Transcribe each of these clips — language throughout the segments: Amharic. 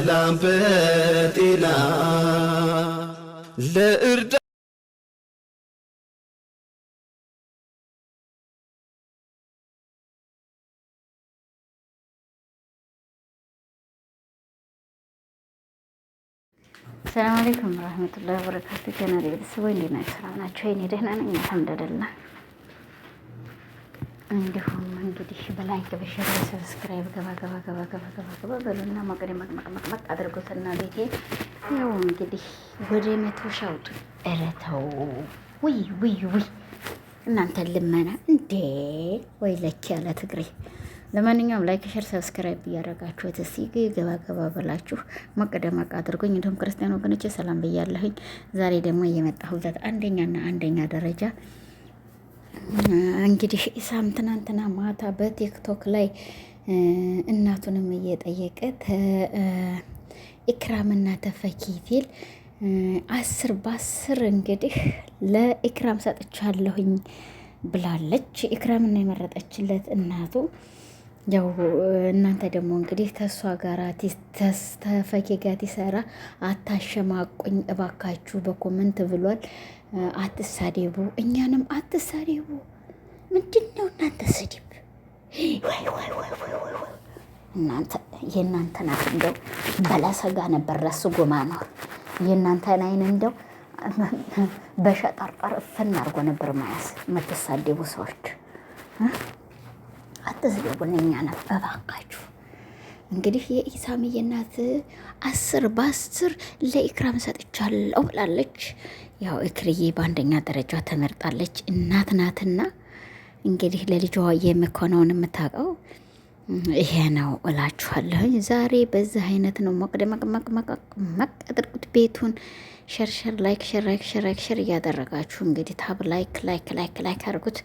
በሰላም በጤና ለእርዳ ሰላም አለይኩም ረህመቱላሂ ወበረካቱ። ገና ቤተሰቦች እንዴት ናችሁ? ሰላም ናችሁ? እኔ ደህና ነኝ፣ አልሐምዱሊላህ እንዲሁም እንግዲህ በላይክ በሸር በሰብስክራይብ ገባ ገባ ገባ ገባ ገባ ገባ በሉና መቅደ መቅመቅ መቅመቅ አድርጎትና ቤቴ ያው እንግዲህ ወደ መቶ ሺህ ውይ ውይ ውይ እናንተ ልመና እንዴ! ወይ ለኪ ያለ ትግሬ። ለማንኛውም ላይክ ሸር ሰብስክራይብ እያደረጋችሁ እስኪ ገባ ገባ ብላችሁ መቀደመቅ አድርጎኝ። እንዲሁም ክርስቲያን ወገኖቼ ሰላም ብያለሁኝ። ዛሬ ደግሞ የመጣሁበት አንደኛና አንደኛ ደረጃ እንግዲህ ኢሳም ትናንትና ማታ በቲክቶክ ላይ እናቱንም እየጠየቀ ኢክራምና ተፈኪ ፊል አስር በአስር እንግዲህ ለኢክራም ሰጥቻለሁኝ ብላለች። ኢክራምና የመረጠችለት እናቱ ያው እናንተ ደግሞ እንግዲህ ተሷ ጋር ተፈኪ ጋር ትሰራ አታሸማቁኝ እባካችሁ በኮመንት ብሏል። አትሳደቡ፣ እኛንም አትሳደቡ። ምንድን ነው እናንተ ስድብ? እናንተ የእናንተን አይን እንደው በለሰጋ ነበር ረሱ ጎማ ኖር የእናንተን አይን እንደው በሸጣርጣር እፍን አድርጎ ነበር ማያስ የምትሳደቡ ሰዎች አትስደቡን፣ እኛንም እባካችሁ። እንግዲህ የኢሳምዬ እናት አስር በአስር ለኢክራም ሰጥቻለሁ ብላለች። ያው እክርዬ በአንደኛ ደረጃ ተመርጣለች። እናት ናትና እንግዲህ ለልጇ የምኮነውን የምታውቀው ይሄ ነው እላችኋለሁኝ። ዛሬ በዚህ አይነት ነው ሞቅ ደመቅ መቅ አድርጉት ቤቱን ሸርሸር ላይክ ሸር ላይክ ሸር ላይክ ሸር እያደረጋችሁ እንግዲህ ታብ ላይክ ላይክ ላይክ ላይክ አድርጉት።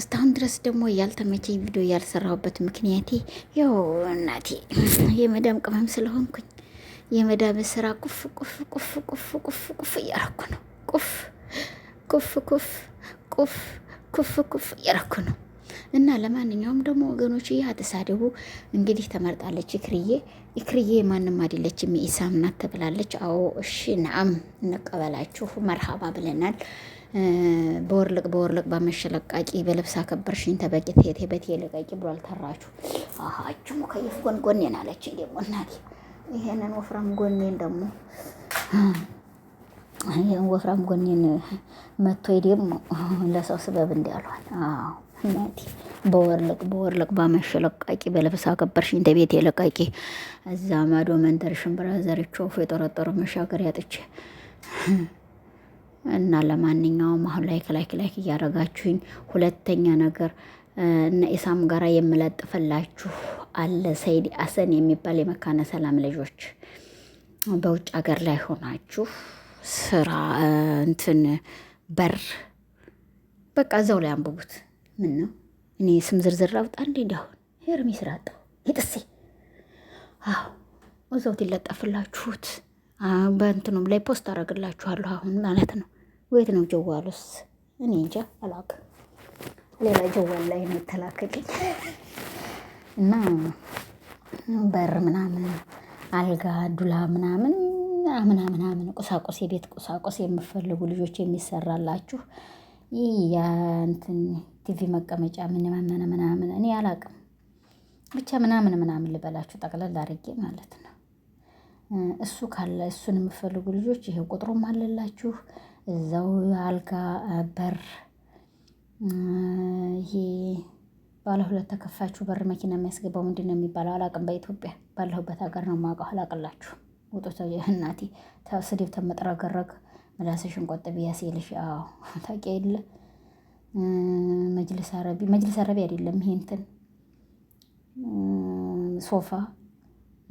እስካሁን ድረስ ደግሞ ያልተመቸኝ ቪዲዮ ያልሰራሁበት ምክንያቴ ያው እናቴ የመዳም ቅመም ስለሆንኩኝ የመዳም ስራ ቁፍ ቁፍ ቁፍ ቁፍ ቁፍ ቁፍ እያረኩ ነው። ቁፍ ቁፍ ቁፍ ቁፍ ኩፍ ኩፍ እያረኩ ነው። እና ለማንኛውም ደግሞ ወገኖች ይህ አተሳደቡ እንግዲህ ተመርጣለች። ይክርዬ ይክርዬ ማንም አይደለችም የኢሳም ናት ተብላለች። አዎ እሺ ናም እንቀበላችሁ መርሃባ ብለናል። በወርልቅ በወርልቅ በመሸለቃቂ በልብስ አከበርሽኝ ተበቂት ቴቴ በቴ ለቃቂ ብሏል። ተራችሁ አሃችሁ ሙከይፍ ጎንጎን ናለች ደግሞ እናቴ ይሄንን ወፍራም ጎኔን ደግሞ ይሄን ወፍራም ጎኔን መቶ ደግሞ ለሰው ስበብ እንዲያሏል። አዎ እናቴ በወርልቅ በወርልቅ ባመሸ ለቃቂ በለብሳ ከበርሽኝ እንደ ቤቴ ለቃቂ እዛ ማዶ መንደር ሽምብራ ዘርቾ የጠረጠሩ መሻገር ያጥቼ እና ለማንኛውም አሁን ላይክ ላይክ ላይክ እያደረጋችሁኝ ሁለተኛ ነገር እነ ኢሳም ጋራ የምለጥፈላችሁ አለ ሰይድ አሰን የሚባል የመካነ ሰላም ልጆች በውጭ ሀገር ላይ ሆናችሁ ስራ እንትን በር በቃ እዛው ላይ አንብቡት። ምን ነው እኔ ስም ዝርዝር ላውጣ እንዴ? እንዲሁን ሄርሚ ስራ አጣሁ ይጥሴ አዎ እዛው ትለጠፍላችሁት በእንትኑም ላይ ፖስት አደርግላችኋለሁ። አሁን ማለት ነው ወየት ነው ጀዋሉስ? እኔ እንጃ አላውቅም። ሌላ ጀዋል ላይ ነው የተላከልኝ። እና በር ምናምን አልጋ ዱላ ምናምን ምናምን ምናምን ቁሳቁስ የቤት ቁሳቁስ የምፈልጉ ልጆች የሚሰራላችሁ ይህ የእንትን ቲቪ መቀመጫ ምናምን ምናምን እኔ አላውቅም ብቻ ምናምን ምናምን ልበላችሁ ጠቅለል አድርጌ ማለት ነው። እሱ ካለ እሱን የምፈልጉ ልጆች ይሄ ቁጥሩም አለላችሁ እዛው አልጋ በር ይሄ ባለ ሁለት ተከፋችሁ በር መኪና የሚያስገባው ምንድን ነው የሚባለው? አላቅም። በኢትዮጵያ ባለሁበት ሀገር ነው የማውቀው። አላቅላችሁ ውጡ እናቴ። ስድብ ተመጥረገረግ ምላስሽን ቆጥቢ ያሴልሽ። አዎ ታውቂ የለ መጅልስ አረቢ፣ መጅልስ አረቢ አይደለም ይሄ እንትን ሶፋ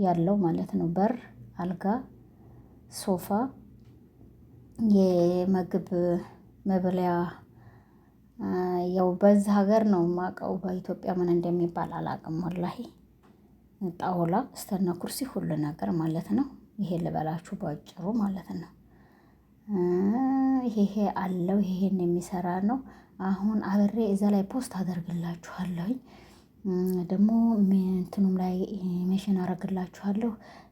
ያለው ማለት ነው። በር፣ አልጋ፣ ሶፋ፣ የምግብ መብለያ ያው በዛ ሀገር ነው የማውቀው። በኢትዮጵያ ምን እንደሚባል አላውቅም። ወላሂ ጣውላ እስተነ ኩርሲ ሁሉ ነገር ማለት ነው። ይሄ ልበላችሁ ባጭሩ ማለት ነው። ይሄ አለው ይሄን የሚሰራ ነው። አሁን አብሬ እዛ ላይ ፖስት አደርግላችኋለሁኝ። ደግሞ እንትኑም ላይ ሜሽን አረግላችኋለሁ።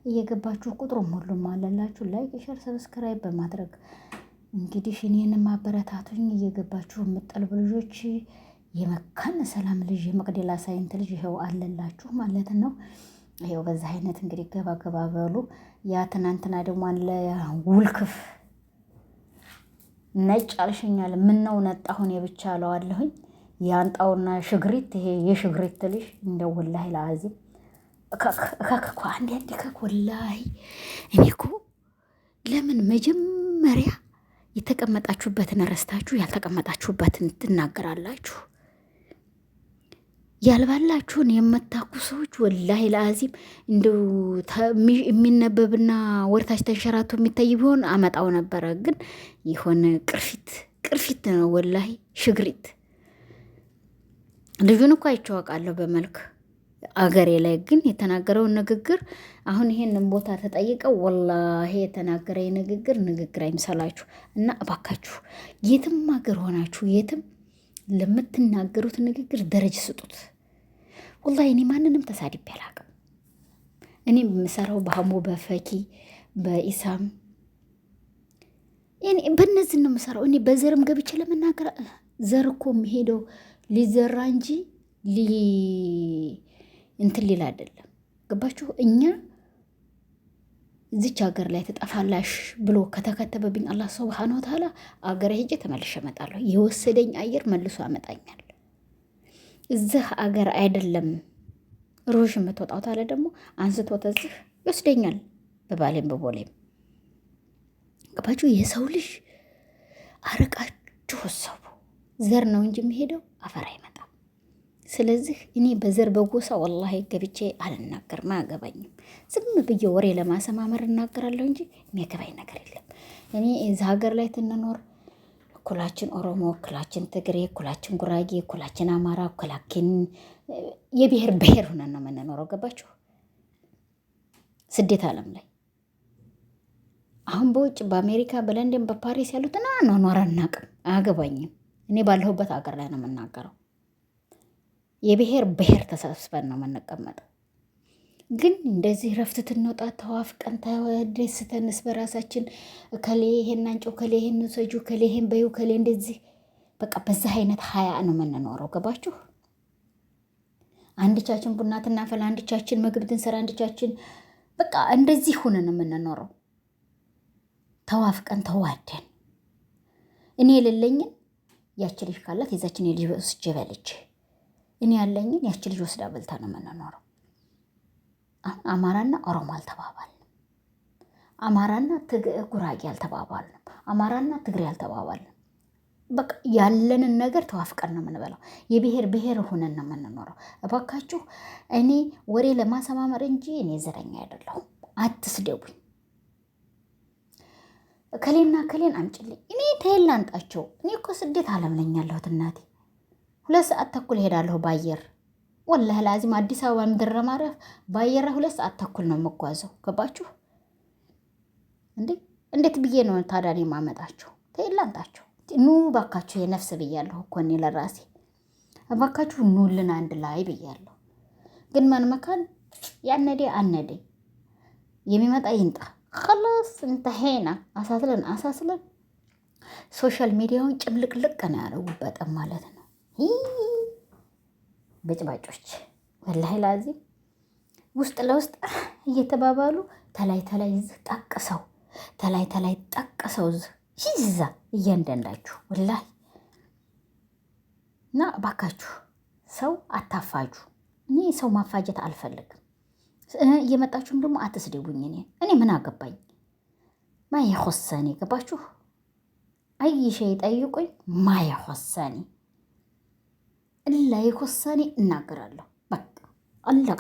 እየገባችሁ ቁጥሩም ሁሉም አለላችሁ። ላይክ፣ ሸር፣ ሰብስክራይብ በማድረግ እንግዲህ እኔን አበረታቱኝ እየገባችሁ የምጠልቡ ልጆች የመካነ ሰላም ልጅ የመቅደላ ሳይንት ልጅ ይኸው አለላችሁ ማለት ነው። ይኸው በዛ አይነት እንግዲህ ገባ ገባ በሉ። ያ ትናንትና ደግሞ አለ ውልክፍ ነጭ አልሸኛል ምን ነው ነጣሁን የብቻ አለዋለሁኝ የአንጣውና ሽግሪት ይሄ የሽግሪት ልጅ እንደው ወላሂ ለአዚም እከክ እኮ አንዴ አንዴ እከክ ወላሂ እኔ እኮ ለምን መጀመሪያ የተቀመጣችሁበትን ረስታችሁ ያልተቀመጣችሁበትን ትናገራላችሁ። ያልባላችሁን የመታኩ ሰዎች ወላሂ ለአዚም እንዲ የሚነበብና ወርታች ተንሸራቶ የሚታይ ቢሆን አመጣው ነበረ። ግን የሆነ ቅርፊት ቅርፊት ነው ወላሂ ሽግሪት። ልጁን እኮ አይቼው አውቃለሁ በመልክ አገሬ ላይ ግን የተናገረውን ንግግር አሁን ይሄንን ቦታ ተጠይቀው ወላሂ የተናገረ ንግግር ንግግር አይምሰላችሁ እና እባካችሁ የትም ሀገር ሆናችሁ የትም ለምትናገሩት ንግግር ደረጃ ስጡት። ወላሂ እኔ ማንንም ተሳድቤ አላቅም። እኔ የምሰራው በሀሞ በፈኪ በኢሳም በእነዚህ ነው የምሰራው። እኔ በዘርም ገብቼ ለመናገር ዘር እኮ የሚሄደው ሊዘራ እንጂ እንትን ሊል አይደለም። ገባችሁ? እኛ እዚች ሀገር ላይ ተጠፋላሽ ብሎ ከተከተበብኝ አላህ ስብሓን ወተዓላ አገር ሄጄ ተመልሼ እመጣለሁ። የወሰደኝ አየር መልሶ ያመጣኛል። እዚህ አገር አይደለም ሮሽ የምትወጣው ታለ ደግሞ አንስቶ ተዝህ ይወስደኛል በባሌም በቦሌም ገባችሁ። የሰው ልጅ አረቃችሁ ሰቡ ዘር ነው እንጂ የሚሄደው አፈር አይመጣም። ስለዚህ እኔ በዘር በጎሳ ወላሂ ገብቼ አልናገርም፣ አያገባኝም። ዝም ብዬ ወሬ ለማሰማመር እናገራለሁ እንጂ የሚያገባኝ ነገር የለም። እኔ እዚህ ሀገር ላይ ትንኖር እኩላችን ኦሮሞ፣ እኩላችን ትግሬ፣ እኩላችን ጉራጌ፣ እኩላችን አማራ፣ እኩላችን የብሔር ብሔር ሆነን ነው የምንኖረው። ገባችሁ? ስደት ዓለም ላይ አሁን በውጭ በአሜሪካ በለንደን በፓሪስ ያሉትን አኗኗር አናቅም፣ አያገባኝም። እኔ ባለሁበት ሀገር ላይ ነው የምናገረው። የብሔር ብሔር ተሰብስበን ነው የምንቀመጠው። ግን እንደዚህ ረፍት ትንወጣ ተዋፍቀን ተደስተንስ በራሳችን ከሌ ይሄን አንጨው ከሌ ይሄን ውሰጁ ከሌ ይሄን በዩ ከሌ እንደዚህ በቃ በዛህ አይነት ሀያ ነው የምንኖረው። ገባችሁ? አንድቻችን ቡና ትናፈል፣ አንድቻችን ምግብ ትንሰራ፣ አንድቻችን በቃ እንደዚህ ሁነን የምንኖረው ተዋፍቀን ተዋደን እኔ የሌለኝን ያችን ልጅ ካላት የዛችን የልጅ ስጀበልጅ እኔ ያለኝን ያች ልጅ ወስዳ በልታ ነው የምንኖረው። አማራና ኦሮሞ አልተባባልንም። አማራና ጉራጌ አልተባባልንም። አማራና ትግሬ አልተባባልንም። በቃ ያለንን ነገር ተዋፍቀን ነው የምንበላው። የብሔር ብሔር ሆነን ነው የምንኖረው። እባካችሁ እኔ ወሬ ለማሰማመር እንጂ እኔ ዘረኛ አይደለሁም። አትስደቡኝ። ከሌና ከሌን አምጭልኝ። እኔ ተየላንጣቸው እኔ እኮ ስደት አለም ነኝ ያለሁት እናቴ ሁለት ሰዓት ተኩል እሄዳለሁ በአየር ወላህ ላዚም አዲስ አበባ ምድረ ለማረፍ በአየር ሁለት ሰዓት ተኩል ነው የምጓዘው። ገባችሁ እንዴ? እንዴት ብዬ ነው ታዳኔ ማመጣችሁ? ተይላንጣችሁ ኑ ባካችሁ፣ የነፍስ ብያለሁ እኮ እኔ ለራሴ ባካችሁ ኑልን አንድ ላይ ብያለሁ። ግን ማን መካን ያነዴ አነዴ የሚመጣ ይንጣ ከላስ እንተሄና አሳስለን አሳስለን ሶሻል ሚዲያውን ጭምልቅልቅ ነው ያደረጉበትም ማለት ነው። በጭባጮች ወላሂ ላዚም ውስጥ ለውስጥ እየተባባሉ ተላይ ተላይ ዝህ ጠቅሰው ተላይ ተላይ ጠቅሰው ዝህ ይዛ እያንዳንዳችሁ ወላሂ እና እባካችሁ ሰው አታፋጁ። እኔ ሰው ማፋጀት አልፈልግም። እየመጣችሁም ደግሞ አትስደቡኝ። እኔ እኔ ምን አገባኝ ማየኮሰኔ ገባችሁ? አይሸ ይጠይቁኝ ማየኮሰኔ ላይ ከወሰኔ እናገራለሁ። በቃ አለቀ።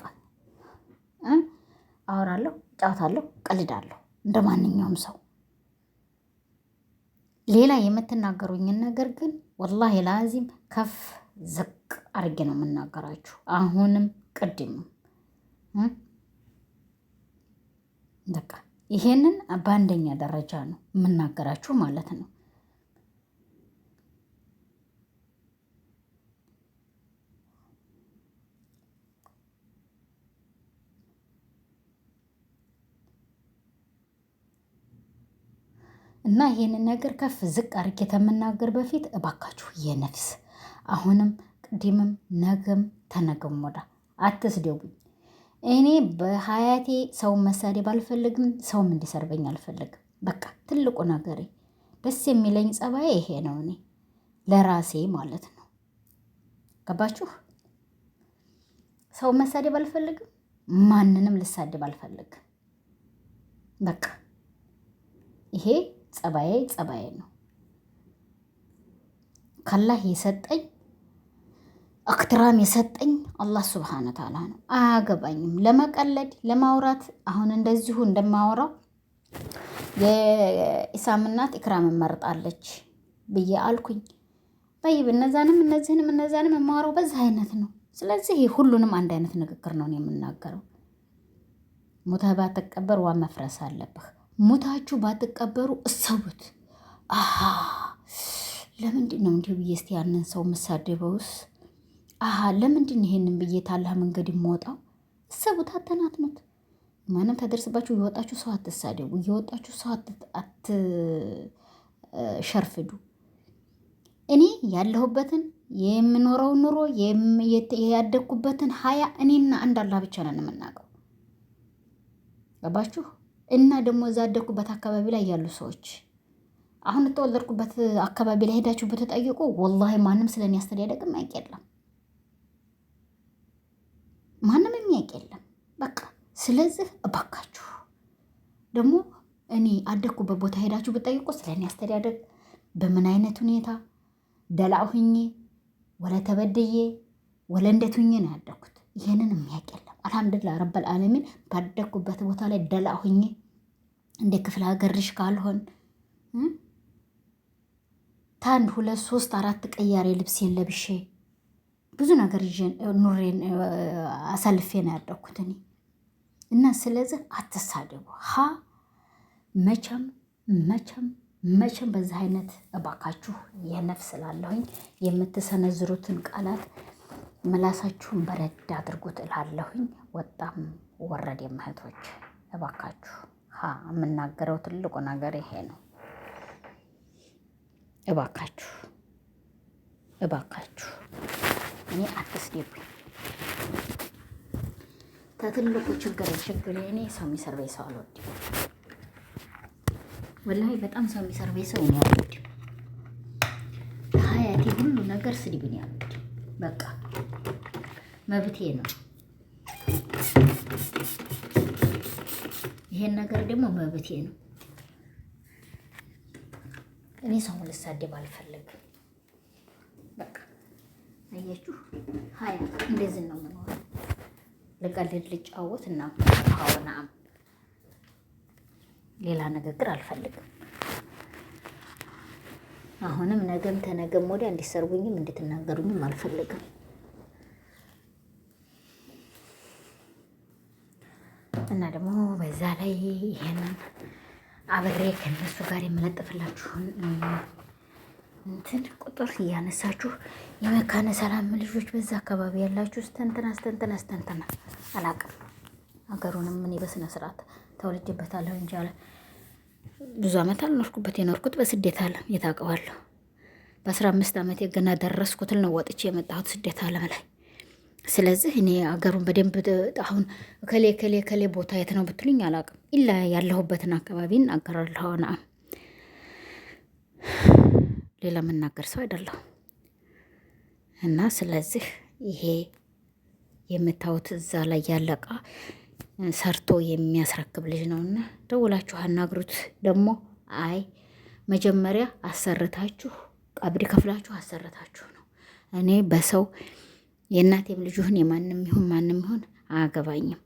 አወራለሁ፣ እጫወታለሁ፣ ቀልዳለሁ እንደ ማንኛውም ሰው። ሌላ የምትናገሩኝን ነገር ግን ወላሂ ላዚም ከፍ ዝቅ አድርጌ ነው የምናገራችሁ። አሁንም ቅድምም በቃ ይሄንን በአንደኛ ደረጃ ነው የምናገራችሁ ማለት ነው። እና ይህንን ነገር ከፍ ዝቅ አድርጌ ከምናገር በፊት እባካችሁ የነፍስ አሁንም ቅድምም ነገም ተነገም ወዳ አትስደቡኝ። እኔ በሀያቴ ሰውን መሳደብ አልፈልግም፣ ሰውም እንዲሰርበኝ አልፈልግም። በቃ ትልቁ ነገሬ ደስ የሚለኝ ጸባዬ ይሄ ነው። እኔ ለራሴ ማለት ነው። ገባችሁ? ሰው መሳደብ አልፈልግም፣ ማንንም ልሳደብ አልፈልግም። በቃ ይሄ ጸባዬ ጸባዬ ነው። ካላህ የሰጠኝ አክትራም የሰጠኝ አላህ ስብሓነ ተዓላ ነው። አያገባኝም ለመቀለድ ለማውራት። አሁን እንደዚሁ እንደማወራው የኢሳም እናት ኢክራም መርጣለች ብዬ አልኩኝ። በይብ እነዛንም እነዚህንም እነዛንም የማወራው በዚህ አይነት ነው። ስለዚህ ሁሉንም አንድ አይነት ንግግር ነው የምናገረው። ሙተህ ባትቀበር ዋ መፍረስ አለብህ። ሙታችሁ ባትቀበሩ እሰቡት። አሃ ለምንድን ነው እንዲሁ ብዬ እስቲ ያንን ሰው የምሳደበውስ? አሃ ለምንድን ይሄንን ብዬ ታላህ መንገድ የምወጣው? እሰቡት፣ አተናትኑት። ማንም ተደርስባችሁ እየወጣችሁ ሰው አትሳደቡ፣ እየወጣችሁ ሰው አትሸርፍዱ። እኔ ያለሁበትን የምኖረው ኑሮ ያደግኩበትን ሀያ እኔና አንድ አላህ ብቻ ነን የምናውቀው። ገባችሁ? እና ደግሞ እዛ አደኩበት አካባቢ ላይ ያሉ ሰዎች አሁን ተወለድኩበት አካባቢ ላይ ሄዳችሁ ብትጠይቁ ወላሂ ማንም ስለኔ አስተዳደግ የሚያውቅ የለም። ማንም የሚያውቅ የለም። በቃ ስለዚህ እባካችሁ ደግሞ እኔ አደኩበት ቦታ ሄዳችሁ ብትጠይቁ ስለኔ አስተዳደግ በምን አይነት ሁኔታ ደላሁኜ ወለ ተበድዬ ወለ እንደቱኜ ነው ያደኩት ይህንን የሚያውቅ አልሐምዱላ ረበል ዓለሚን ባደግኩበት ቦታ ላይ ደላ ሁኝ እንደ ክፍለ ሀገርሽ ካልሆን ታንድ ሁለት ሶስት አራት ቀያሬ ልብስ የለብሼ ብዙ ነገር ኑሬን አሳልፌ ነው ያደግኩት እኔ እና ስለዚህ አትሳደቡ። ሀ መቼም መቼም መቼም በዚህ አይነት እባካችሁ የነፍስ ላለሁኝ የምትሰነዝሩትን ቃላት ምላሳችሁን በረድ አድርጉት እላለሁኝ። ወጣም ወረድ እህቶች እባካችሁ ሀ የምናገረው ትልቁ ነገር ይሄ ነው። እባካችሁ እባካችሁ እኔ አትስደቡኝ። ከትልቁ ችግር ችግር እኔ ሰው የሚሰርበኝ ሰው አልወድም። ወላሂ በጣም ሰው የሚሰርበኝ ሰው እኔ አልወድም። ሀያቴ ሁሉ ነገር ስድብን ያልወድም በቃ መብቴ ነው። ይሄን ነገር ደግሞ መብቴ ነው። እኔ ሰው ልሳደብ አልፈለግም። በቃ አያችሁ፣ ሀያ እንደዚህ ነው የምኖረው። ልቀልድ፣ ልጫወት እና ሀውናም ሌላ ንግግር አልፈልግም። አሁንም ነገም ተነገም ወዲያ እንዲሰርቡኝም እንድትናገሩኝም አልፈልግም። እና ደግሞ በዛ ላይ ይሄንን አብሬ ከነሱ ጋር የምለጥፍላችሁን እንትን ቁጥር እያነሳችሁ የመካነ ሰላም ልጆች በዛ አካባቢ ያላችሁ ስተንትና ስተንትና ስተንትና አላቅም ሀገሩንም እኔ በስነ ስርዓት ተወልጄበታለሁ እንጂ አለ ብዙ ዓመት አልኖርኩበት። የኖርኩት በስደት የታውቀዋለሁ። በአስራ አምስት የገና ደረስኩት ልነወጥቼ የመጣሁት ስደት ላይ ስለዚህ እኔ አገሩን በደንብ አሁን ከሌ ከሌ ከሌ ቦታ የት ነው ብትሉኝ አላቅም። ኢላ ያለሁበትን አካባቢ እናገራለሁ። ሌላ የምናገር ሰው አይደለሁ እና ስለዚህ ይሄ የምታዩት እዛ ላይ ያለቃ ሰርቶ የሚያስረክብ ልጅ ነው እና ደውላችሁ አናግሩት። ደግሞ አይ መጀመሪያ አሰርታችሁ ቀብድ ከፍላችሁ አሰርታችሁ ነው እኔ በሰው የእናቴም ልጅ ይሁን የማንም ይሁን ማንም ይሁን አያገባኝም።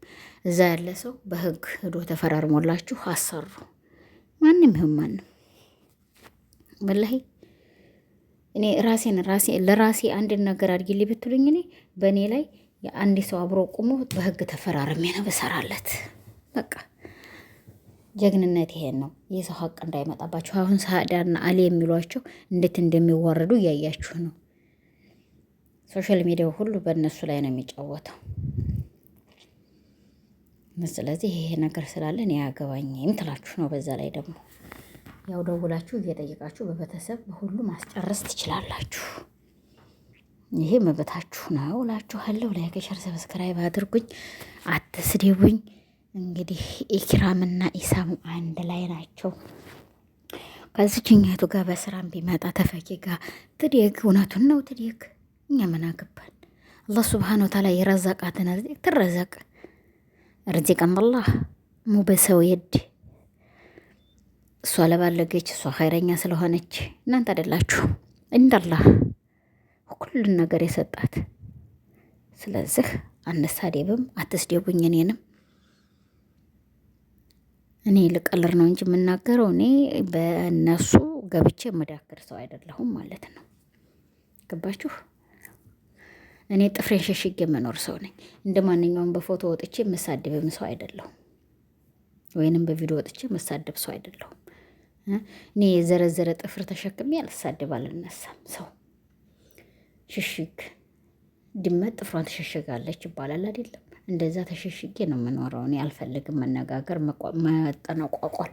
እዛ ያለ ሰው በህግ ሄዶ ተፈራርሞላችሁ አሰሩ። ማንም ይሁን ማንም ወላሂ እኔ ራሴን ራሴ ለራሴ አንድን ነገር አድርጊልኝ ብትሉኝ እኔ በእኔ ላይ የአንድ ሰው አብሮ ቁሞ በህግ ተፈራርሜ ነው ብሰራለት። በቃ ጀግንነት ይሄን ነው። የሰው ሀቅ እንዳይመጣባቸው አሁን ሳዳና አሊ የሚሏቸው እንዴት እንደሚዋረዱ እያያችሁ ነው። ሶሻል ሚዲያ ሁሉ በእነሱ ላይ ነው የሚጫወተው። ስለዚህ ይሄ ነገር ስላለ እኔ አያገባኝም ትላችሁ ነው። በዛ ላይ ደግሞ ያው ደውላችሁ እየጠየቃችሁ በቤተሰብ በሁሉ ማስጨረስ ትችላላችሁ። ይሄ መብታችሁ ነው እላችኋለሁ። ላይክ፣ ሸር፣ ሰብስክራይብ አድርጉኝ፣ አትስደቡኝ። እንግዲህ ኢክራምና ኢሳም አንድ ላይ ናቸው። ከዚችኛቱ ጋር በስራም ቢመጣ ተፈቂ ጋር ትዴግ እውነቱን ነው ትዴግ እኛ ምን አገባን? አላህ ስብሓን ወተዓላ የረዘቃትን ርዚቅ ትረዘቅ። ርዚቅ ምላህ ሙ በሰው የድ እሷ ለባለገች እሷ ኸይረኛ ስለሆነች እናንተ አይደላችሁ እንዳላህ ሁሉን ነገር የሰጣት። ስለዚህ አነሳዴብም አትስደቡኝ። እኔንም እኔ ልቀልር ነው እንጂ የምናገረው እኔ በእነሱ ገብቼ የምዳክር ሰው አይደለሁም ማለት ነው። ገባችሁ? እኔ ጥፍሬን ሸሽግ የምኖር ሰው ነኝ። እንደ ማንኛውም በፎቶ ወጥቼ የምሳደብም ሰው አይደለሁም፣ ወይንም በቪዲዮ ወጥቼ የምሳደብ ሰው አይደለሁም። እኔ የዘረዘረ ጥፍር ተሸክሜ አልሳደብ አልነሳም። ሰው ሽሽግ ድመት ጥፍሯን ትሸሽጋለች ይባላል አይደለም? እንደዛ ተሸሽጌ ነው የምኖረው። እኔ አልፈልግም መነጋገር፣ መጠነቋቋል።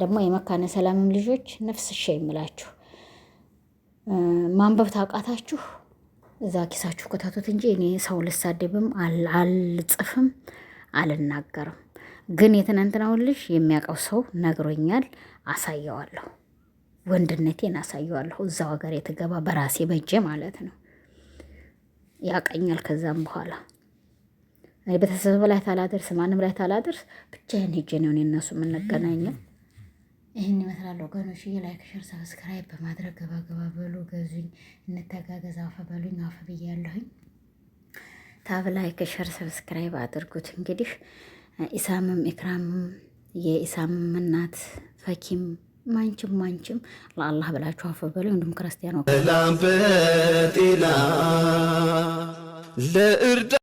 ደግሞ የመካነ ሰላምም ልጆች ነፍስሻ ይምላችሁ ማንበብ ታውቃታችሁ እዛ ኪሳችሁ ክተቱት እንጂ እኔ ሰው ልሳደብም አልጽፍም አልናገርም። ግን የትናንትናውን ልጅ የሚያውቀው ሰው ነግሮኛል። አሳየዋለሁ፣ ወንድነቴን አሳየዋለሁ። እዛው ሀገር የተገባ በራሴ በጀ ማለት ነው ያቀኛል። ከዛም በኋላ ቤተሰብ ላይ ታላደርስ፣ ማንም ላይ ታላደርስ፣ ብቻዬን ሄጄ ነው እኔ እነሱ የምንገናኘው። ይህን ይመስላል ወገኖች። ላይክ፣ ሸር፣ ሰብስክራይብ በማድረግ ገባ ገባ በሉ ገዙኝ፣ እንተጋገዝ፣ አፈ በሉኝ። አፈ ብያለሁኝ። ታብ ላይክ፣ ሸር፣ ሰብስክራይብ አድርጉት። እንግዲህ ኢሳምም ኢክራምም የኢሳምም እናት ፈኪም ማንችም ማንችም ለአላህ ብላችሁ አፈ በሉ። እንዲሁም ክርስቲያን ለእርዳ